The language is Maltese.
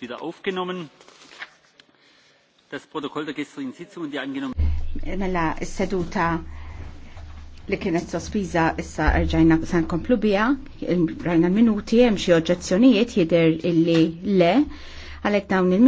wieder aufgenommen. Das Protokoll der gestrigen Sitzung die Mela s-seduta li kienet sospiża issa rġajna san komplu bija, rajna l-minuti, hemm xi oġġezzjonijiet jidher illi le, għalhekk dawn il